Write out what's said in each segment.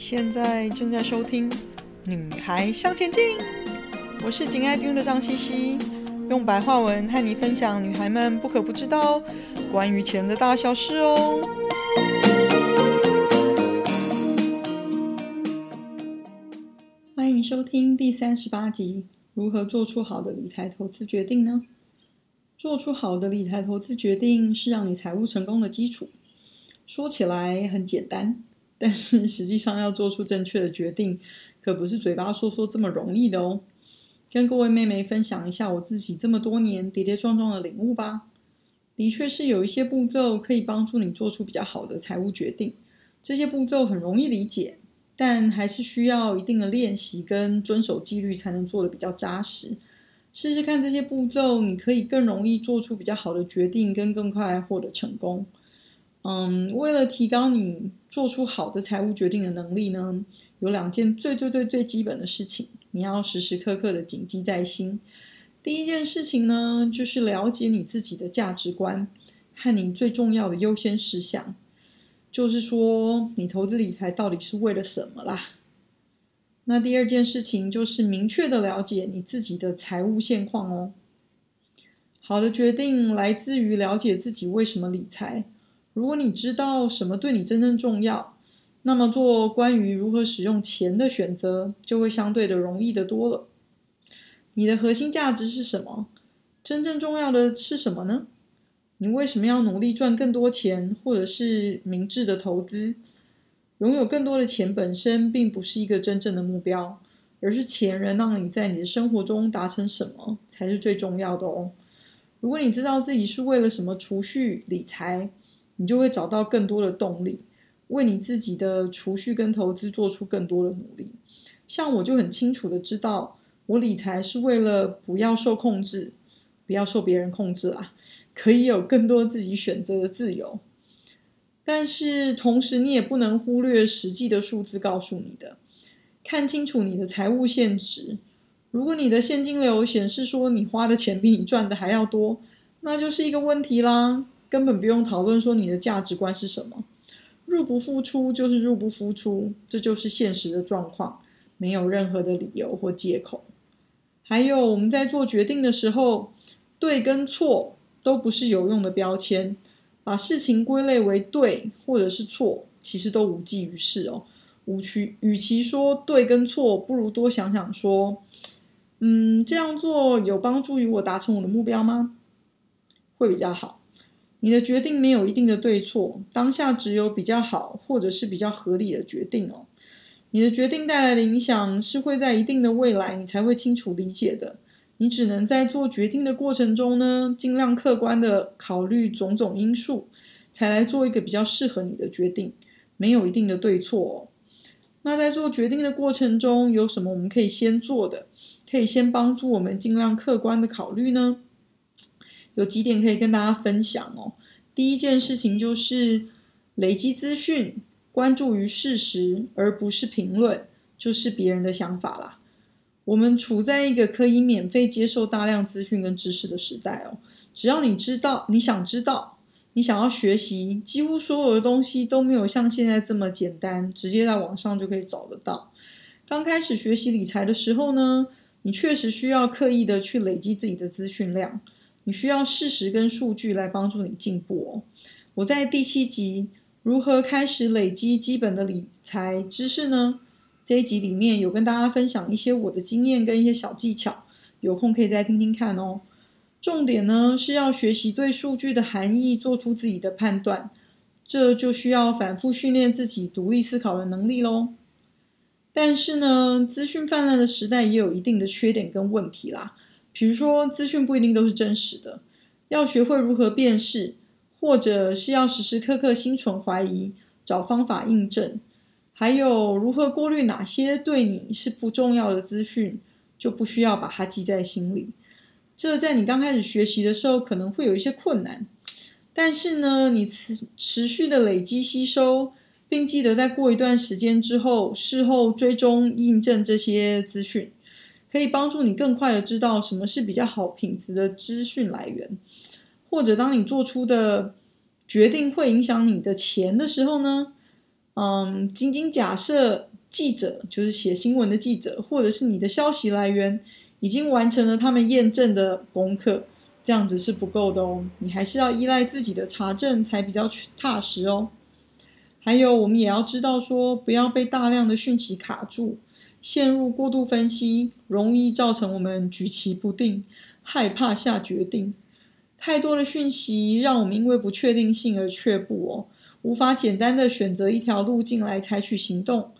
現在正在收聽《女孩向前進》，我是緊愛聽的張茜茜，用白話文和你分享女孩們不可不知道關於錢的大小事哦。歡迎收聽第三十八集：如何做出好的理財投資決定呢？做出好的理財投資決定是讓你財務成功的基礎。說起來很簡單。但是實際上要做出正確的決定，可不是嘴巴說說這麼容易的哦。跟各位妹妹分享一下我自己這麼多年跌跌撞撞的領悟吧。的確是有一些步驟可以幫助你做出比較好的財務決定，這些步驟很容易理解，但還是需要一定的練習跟遵守紀律才能做得比較紮實。試試看這些步驟，你可以更容易做出比較好的決定，跟更快獲得成功。嗯，為了提高你做出好的財務決定的能力呢，有兩件最最最最基本的事情，你要時時刻刻的謹記在心。第一件事情呢，就是了解你自己的價值觀和你最重要的優先事項，就是說你投資理財到底是為了什麼啦。那第二件事情就是明確的了解你自己的財務現況哦。好的決定來自於了解自己為什麼理財。如果你知道什麼對你真正重要，那麼做關於如何使用錢的選擇就會相對的容易的多了。你的核心價值是什麼？真正重要的是什麼呢？你為什麼要努力賺更多錢，或者是明智的投資？擁有更多的錢本身並不是一個真正的目標，而是錢能讓你在你的生活中達成什麼才是最重要的哦。如果你知道自己是為了什麼儲蓄理財。你就會找到更多的動力，為你自己的儲蓄跟投資做出更多的努力。像我就很清楚的知道，我理財是為了不要受控制，不要受別人控制啦、啊，可以有更多自己選擇的自由。但是同時，你也不能忽略實際的數字告訴你的，看清楚你的財務現值。如果你的現金流顯示說你花的錢比你賺的還要多，那就是一個問題啦。根本不用討論說你的價值觀是什麼，入不敷出就是入不敷出,這就是現實的狀況，沒有任何的理由或借口。還有我們在做決定的時候，對跟錯都不是有用的標籤，把事情歸類為對或者是錯，其實都無濟於事哦。與其與其說對跟錯，不如多想想說，嗯，這樣做有幫助於我達成我的目標嗎？會比較好。你的決定沒有一定的對錯，當下只有比較好或者是比較合理的決定哦。你的決定帶來的影響是會在一定的未來你才會清楚理解的。你只能在做決定的過程中呢，盡量客觀的考慮種種因素，才來做一個比較適合你的決定。沒有一定的對錯哦。那在做決定的過程中，有什麼我們可以先做的，可以先幫助我們盡量客觀的考慮呢？有幾點可以跟大家分享哦。第一件事情就是累積資訊，關注於事實而不是評論，就是別人的想法啦。我們處在一個可以免費接受大量資訊跟知識的時代哦。只要你知道，你想知道，你想要學習，幾乎所有的東西都沒有像現在這麼簡單，直接在網上就可以找得到。剛開始學習理財的時候呢，你確實需要刻意的去累積自己的資訊量。你需要事實跟數據來幫助你進步哦。我在第七集《如何開始累積基本的理財知識呢》這一集裡面有跟大家分享一些我的經驗跟一些小技巧，有空可以再聽聽看哦。重點呢，是要學習對數據的含義做出自己的判斷，這就需要反復訓練自己獨立思考的能力咯。但是呢，資訊泛濫的時代也有一定的缺點跟問題啦。比如說，資訊不一定都是真實的，要學會如何辨識，或者是要時時刻刻心存懷疑，找方法印證，還有如何過濾哪些對你是不重要的資訊，就不需要把它記在心裡。這在你剛開始學習的時候可能會有一些困難，但是呢，你持持續的累積吸收，並記得在過一段時間之後，事後追蹤印證這些資訊。可以幫助你更快的知道什麼是比較好品質的資訊來源，或者當你做出的決定會影響你的錢的時候呢，嗯，僅僅假設記者就是寫新聞的記者，或者是你的消息來源已經完成了他們驗證的功課，這樣子是不夠的哦。你還是要依賴自己的查證才比較踏實哦。還有，我們也要知道說，不要被大量的訊息卡住。陷入過度分析，容易造成我們舉棋不定，害怕下決定。太多的訊息讓我們因為不確定性而卻步哦，無法簡單的選擇一條路徑來採取行動。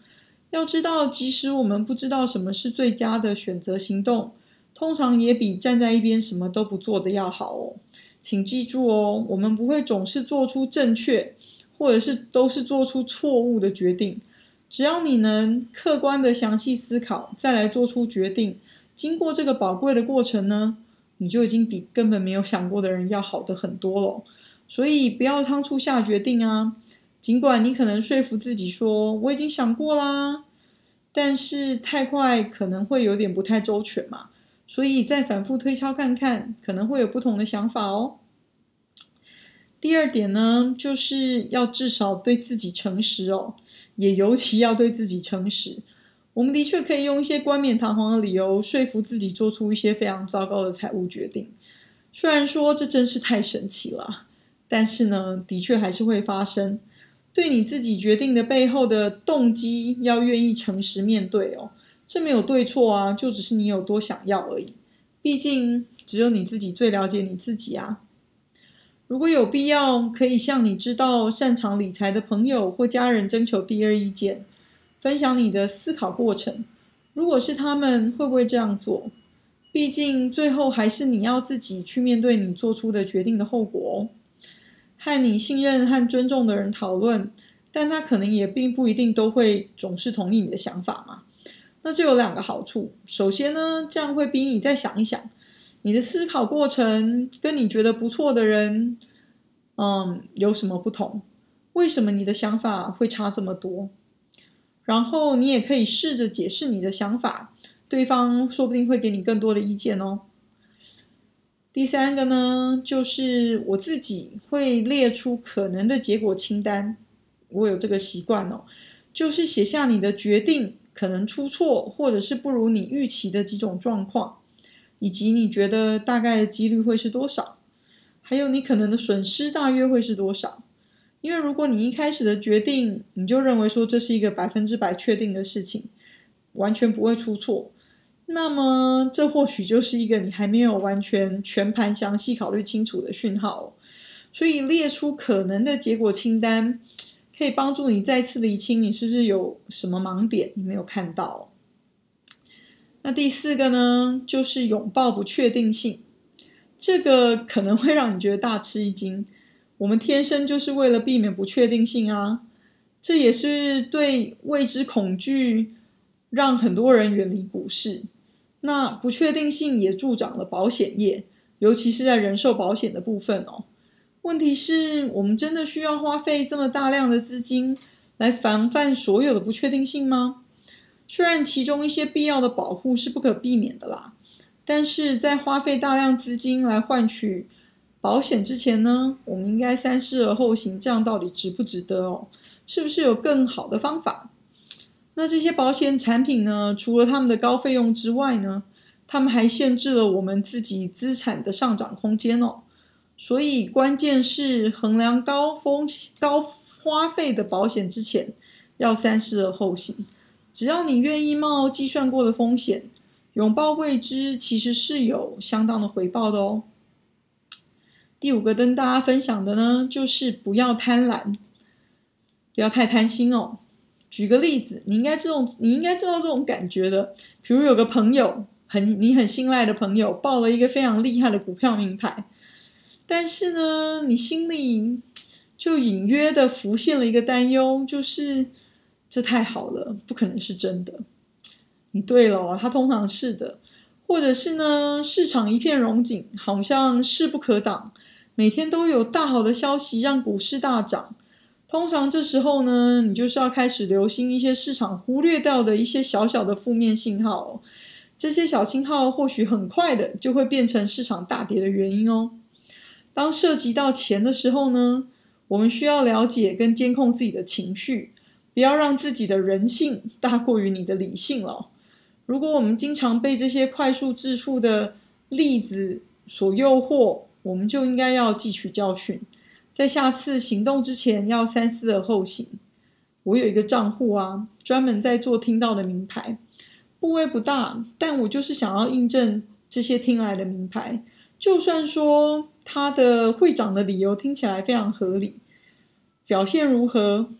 要知道，即使我們不知道什麼是最佳的選擇行動，通常也比站在一邊什麼都不做的要好哦。請記住哦，我們不會總是做出正確，或者是都是做出錯誤的決定。只要你能客觀的詳細思考，再來做出決定，經過這個寶貴的過程呢，你就已經比根本沒有想過的人要好得很多了。所以不要倉促下決定啊！盡管你可能說服自己說我已經想過啦，但是太快可能會有點不太周全嘛。所以再反覆推敲看看，可能會有不同的想法哦。第二點呢，就是要至少對自己誠實哦。也尤其要對自己誠實。我們的確可以用一些冠冕堂皇的理由說服自己做出一些非常糟糕的財務決定。雖然說這真是太神奇了，但是呢，的確還是會發生。對你自己決定的背後的動機，要願意誠實面對哦。這沒有對錯啊，就只是你有多想要而已。畢竟，只有你自己最了解你自己啊。如果有必要，可以向你知道擅長理財的朋友或家人徵求第二意見，分享你的思考過程。如果是他們，會不會這樣做？畢竟最後還是你要自己去面對你做出的決定的後果哦。和你信任和尊重的人討論，但他可能也並不一定都會總是同意你的想法嘛。那這有兩個好處，首先呢，這樣會逼你再想一想，你的思考過程跟你覺得不錯的人，嗯，有什麼不同？為什麼你的想法會差這麼多？然後你也可以試着解釋你的想法，對方說不定會給你更多的意見哦。第三個呢，就是我自己會列出可能的結果清單，我有這個習慣哦，就是寫下你的決定可能出錯，或者是不如你預期的幾種狀況。以及你覺得大概的幾率會是多少？還有你可能的損失大約會是多少？因為如果你一開始的決定你就認為說這是一個百分之百確定的事情，完全不會出錯，那麼這或許就是一個你還沒有完全全盤詳細考慮清楚的訊號。所以列出可能的結果清單，可以幫助你再次理清你是不是有什麼盲點你沒有看到。那第四個呢，就是擁抱不確定性。這個可能會讓你覺得大吃一驚。我們天生就是為了避免不確定性啊，這也是對未知恐懼讓很多人遠離股市。那不確定性也助長了保險業，尤其是在人壽保險的部分哦。問題是，我們真的需要花費這麼大量的資金來防範所有的不確定性嗎？雖然其中一些必要的保護是不可避免的啦，但是在花費大量資金來換取保險之前呢，我們應該三思而後行。這樣到底值不值得哦？是不是有更好的方法？那這些保險產品呢，除了他們的高費用之外呢，他們還限制了我們自己資產的上漲空間哦。所以關鍵是衡量高風險、高花費的保險之前，要三思而後行。只要你願意冒計算過的風險，擁抱未知，其實是有相當的回報的哦。第五個跟大家分享的呢，就是不要貪婪，不要太貪心哦。舉個例子，你應該，這種你應該知道這種感覺的。比如有個朋友，很你很信賴的朋友，報了一個非常厲害的股票名牌，但是呢，你心裡就隱約的浮現了一個擔憂，就是。這太好了，不可能是真的。你對了哦，它通常是的，或者是呢，市場一片榮景，好像勢不可擋，每天都有大好的消息讓股市大漲。通常這時候呢，你就是要開始留心一些市場忽略掉的一些小小的負面信號哦。這些小信號或許很快的就會變成市場大跌的原因哦。當涉及到錢的時候呢，我們需要了解跟監控自己的情緒。不要讓自己的人性大過於你的理性了。如果我們經常被這些快速致富的例子所誘惑，我們就應該要汲取教訓，在下次行動之前要三思而後行。我有一個賬戶啊，專門在做聽到的明牌，部位不大，但我就是想要印證這些聽來的明牌。就算說它的會漲的理由聽起來非常合理，表現如何？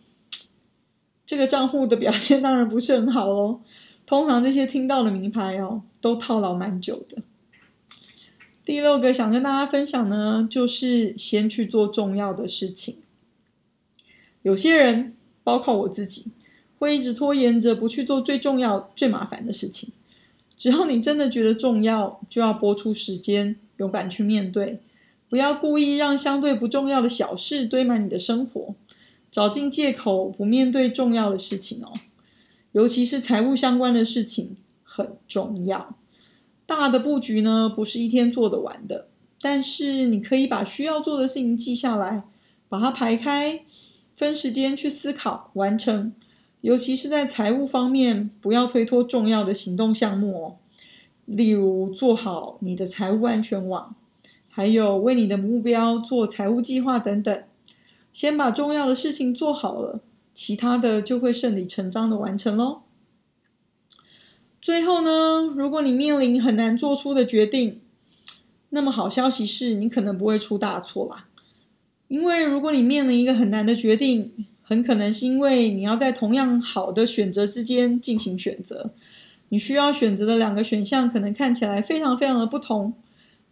這個賬戶的表現當然不是很好咯，哦，通常這些聽到的名牌哦，都套牢蠻久的。第六個想跟大家分享呢，就是先去做重要的事情。有些人，包括我自己，會一直拖延着不去做最重要、最麻煩的事情。只要你真的覺得重要，就要撥出時間，勇敢去面對，不要故意讓相對不重要的小事堆滿你的生活。找盡借口不面對重要的事情哦，尤其是財務相關的事情很重要。大的布局呢，不是一天做得完的，但是你可以把需要做的事情記下來，把它排開，分時間去思考完成。尤其是在財務方面，不要推脫重要的行動項目哦，例如做好你的財務安全網，還有為你的目標做財務計劃等等。先把重要的事情做好了，其他的就會順理成章的完成嘍。最後呢，如果你面臨很難做出的決定，那麼好消息是你可能不會出大錯啦。因為如果你面臨一個很難的決定，很可能是因為你要在同樣好的選擇之間進行選擇。你需要選擇的兩個選項可能看起來非常非常的不同，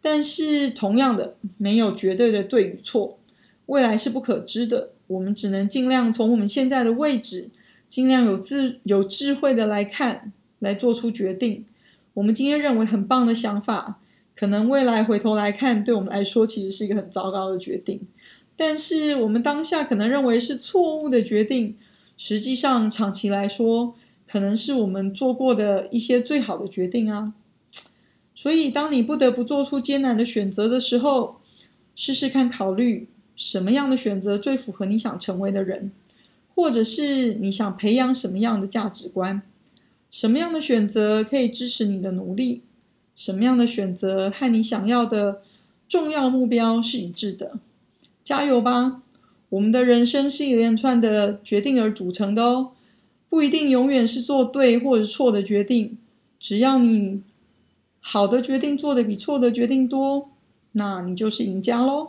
但是同樣的，沒有絕對的對與錯。未來是不可知的，我們只能盡量從我們現在的位置，盡量有智有智慧的來看，來做出決定。我們今天認為很棒的想法，可能未來回頭來看，對我們來說其實是一個很糟糕的決定。但是我們當下可能認為是錯誤的決定，實際上長期來說，可能是我們做過的一些最好的決定啊。所以，當你不得不做出艱難的選擇的時候，試試看考慮，什麼樣的選擇最符合你想成為的人，或者是你想培養什麼樣的價值觀？什麼樣的選擇可以支持你的努力？什麼樣的選擇和你想要的重要目標是一致的？加油吧！我們的人生是一連串的決定而組成的哦，不一定永遠是做對或者錯的決定，只要你好的決定做得比錯的決定多，那你就是贏家嘍。